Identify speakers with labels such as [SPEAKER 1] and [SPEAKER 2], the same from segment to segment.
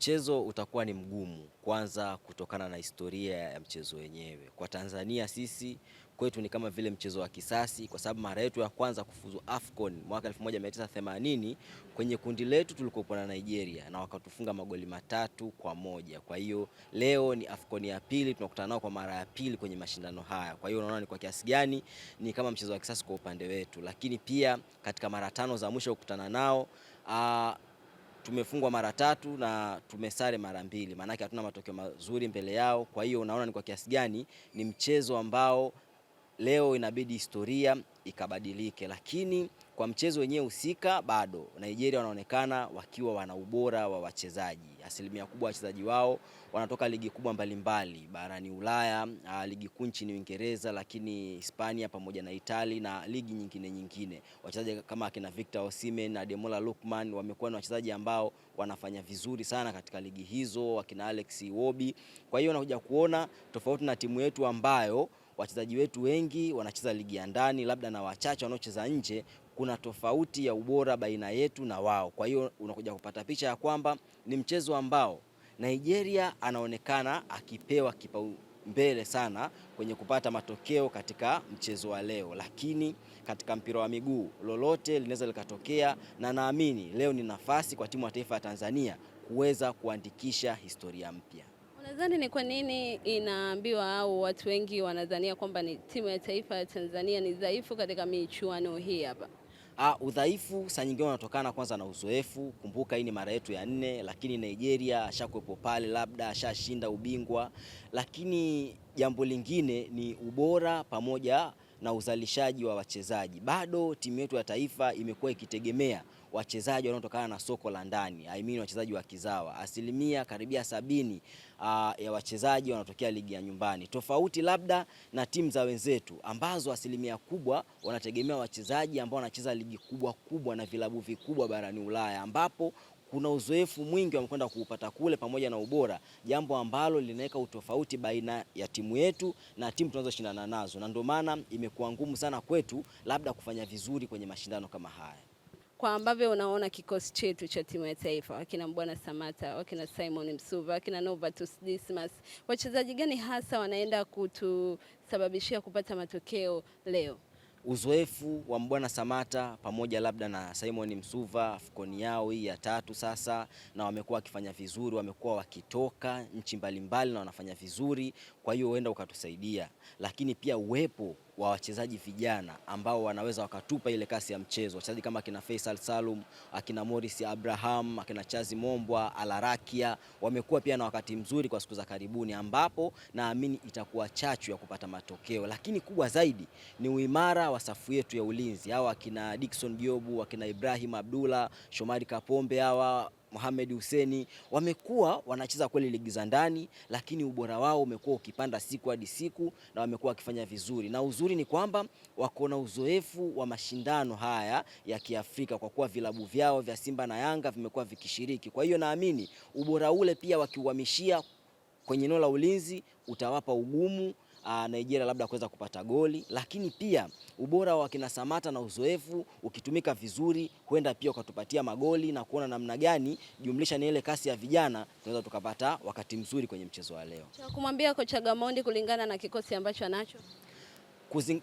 [SPEAKER 1] Mchezo utakuwa ni mgumu, kwanza kutokana na historia ya mchezo wenyewe. Kwa Tanzania sisi kwetu ni kama vile mchezo wa kisasi, kwa sababu mara yetu ya kwanza kufuzu AFCON mwaka 1980 kwenye kundi letu tulikuwa na Nigeria na wakatufunga magoli matatu kwa moja. Kwa hiyo leo ni AFCON ya pili tunakutana nao kwa mara ya pili kwenye mashindano haya. Kwa hiyo unaona ni kwa kiasi gani ni kama mchezo wa kisasi kwa upande wetu, lakini pia katika mara tano za mwisho kukutana nao a, tumefungwa mara tatu na tumesare mara mbili, maanake hatuna matokeo mazuri mbele yao. Kwa hiyo unaona ni kwa kiasi gani ni mchezo ambao leo inabidi historia ikabadilike, lakini kwa mchezo wenyewe husika, bado Nigeria wanaonekana wakiwa wana ubora wa wachezaji. Asilimia kubwa wachezaji wao wanatoka ligi kubwa mbalimbali barani Ulaya, ah, ligi kuu nchini Uingereza, lakini Hispania pamoja na Itali na ligi nyingine nyingine. Wachezaji kama akina Victor Osimhen na Ademola Lookman wamekuwa ni wachezaji ambao wanafanya vizuri sana katika ligi hizo, akina Alex Iwobi. Kwa hiyo nakuja kuona tofauti na timu yetu ambayo wachezaji wetu wengi wanacheza ligi ya ndani, labda na wachache wanaocheza nje kuna tofauti ya ubora baina yetu na wao. Kwa hiyo unakuja kupata picha ya kwamba ni mchezo ambao Nigeria anaonekana akipewa kipaumbele sana kwenye kupata matokeo katika mchezo wa leo, lakini katika mpira wa miguu lolote linaweza likatokea, na naamini leo ni nafasi kwa timu ya taifa ya Tanzania kuweza kuandikisha historia mpya.
[SPEAKER 2] Unadhani ni kwa nini inaambiwa au watu wengi wanadhania kwamba ni timu ya taifa ya Tanzania ni dhaifu katika michuano hii hapa?
[SPEAKER 1] Uh, udhaifu saa nyingine unatokana kwanza na uzoefu. Kumbuka hii ni mara yetu ya nne, lakini Nigeria ashakuwepo pale, labda ashashinda ubingwa. Lakini jambo lingine ni ubora pamoja na uzalishaji wa wachezaji. Bado timu yetu ya taifa imekuwa ikitegemea wachezaji wanaotokana na soko la ndani, I mean wachezaji wa kizawa. Asilimia karibia sabini uh, ya wachezaji wanatokea ligi ya nyumbani, tofauti labda na timu za wenzetu ambazo asilimia kubwa wanategemea wachezaji ambao wanacheza ligi kubwa kubwa na vilabu vikubwa barani Ulaya ambapo kuna uzoefu mwingi wamekwenda kuupata kule pamoja na ubora, jambo ambalo linaweka utofauti baina ya timu yetu na timu tunazoshindana nazo, na ndio maana imekuwa ngumu sana kwetu labda kufanya vizuri kwenye mashindano kama haya.
[SPEAKER 2] Kwa ambavyo unaona kikosi chetu cha timu ya taifa, wakina Mbwana Samata, wakina Simon Msuva, wakina Novatus Dismas, wachezaji gani hasa wanaenda kutusababishia kupata matokeo leo?
[SPEAKER 1] uzoefu wa Mbwana Samata pamoja labda na Simon Msuva afukoni yao hii ya tatu sasa, na wamekuwa wakifanya vizuri, wamekuwa wakitoka nchi mbalimbali na wanafanya vizuri, kwa hiyo huenda ukatusaidia, lakini pia uwepo wa wachezaji vijana ambao wanaweza wakatupa ile kasi ya mchezo, wachezaji kama akina Faisal Salum, akina Morris Abraham, akina Chazi Mombwa, Alarakia wamekuwa pia na wakati mzuri kwa siku za karibuni, ambapo naamini itakuwa chachu ya kupata matokeo, lakini kubwa zaidi ni uimara wa safu yetu ya ulinzi, hawa akina Dickson Jobu, akina Ibrahim Abdullah, Shomari Kapombe hawa Mohamed Huseni wamekuwa wanacheza kweli ligi za ndani, lakini ubora wao umekuwa ukipanda siku hadi siku na wamekuwa wakifanya vizuri, na uzuri ni kwamba wako na uzoefu wa mashindano haya ya Kiafrika kwa kuwa vilabu vyao vya Simba na Yanga vimekuwa vikishiriki. Kwa hiyo naamini ubora ule pia wakiuhamishia kwenye eneo la ulinzi utawapa ugumu uh, Nigeria labda kuweza kupata goli, lakini pia ubora wa kina Samata na uzoefu ukitumika vizuri, huenda pia ukatupatia magoli na kuona namna gani jumlisha ni ile kasi ya vijana, tunaweza tukapata wakati mzuri kwenye mchezo wa leo.
[SPEAKER 2] Cha kumwambia kocha Gamondi kulingana na kikosi ambacho anacho,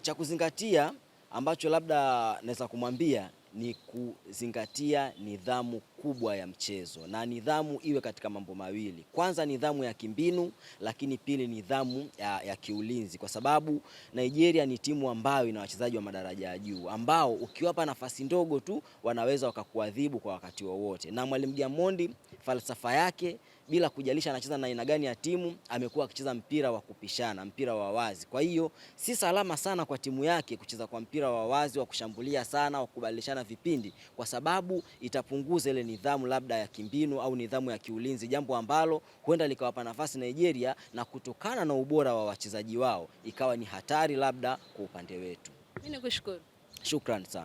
[SPEAKER 1] cha kuzingatia ambacho labda naweza kumwambia ni kuzingatia nidhamu kubwa ya mchezo, na nidhamu iwe katika mambo mawili. Kwanza, nidhamu ya kimbinu, lakini pili, nidhamu ya, ya kiulinzi, kwa sababu Nigeria ni timu ambayo ina wachezaji wa madaraja ya juu ambao ukiwapa nafasi ndogo tu wanaweza wakakuadhibu kwa wakati wowote, na Mwalimu Gamondi falsafa yake bila kujalisha anacheza na aina gani ya timu, amekuwa akicheza mpira wa kupishana, mpira wa wazi. Kwa hiyo si salama sana kwa timu yake kucheza kwa mpira wa wazi wa kushambulia sana, wa kubadilishana vipindi, kwa sababu itapunguza ile nidhamu labda ya kimbinu au nidhamu ya kiulinzi, jambo ambalo huenda likawapa nafasi Nigeria, na kutokana na ubora wa wachezaji wao ikawa ni hatari labda kwa upande wetu.
[SPEAKER 2] Mimi nakushukuru.
[SPEAKER 1] Shukrani sana.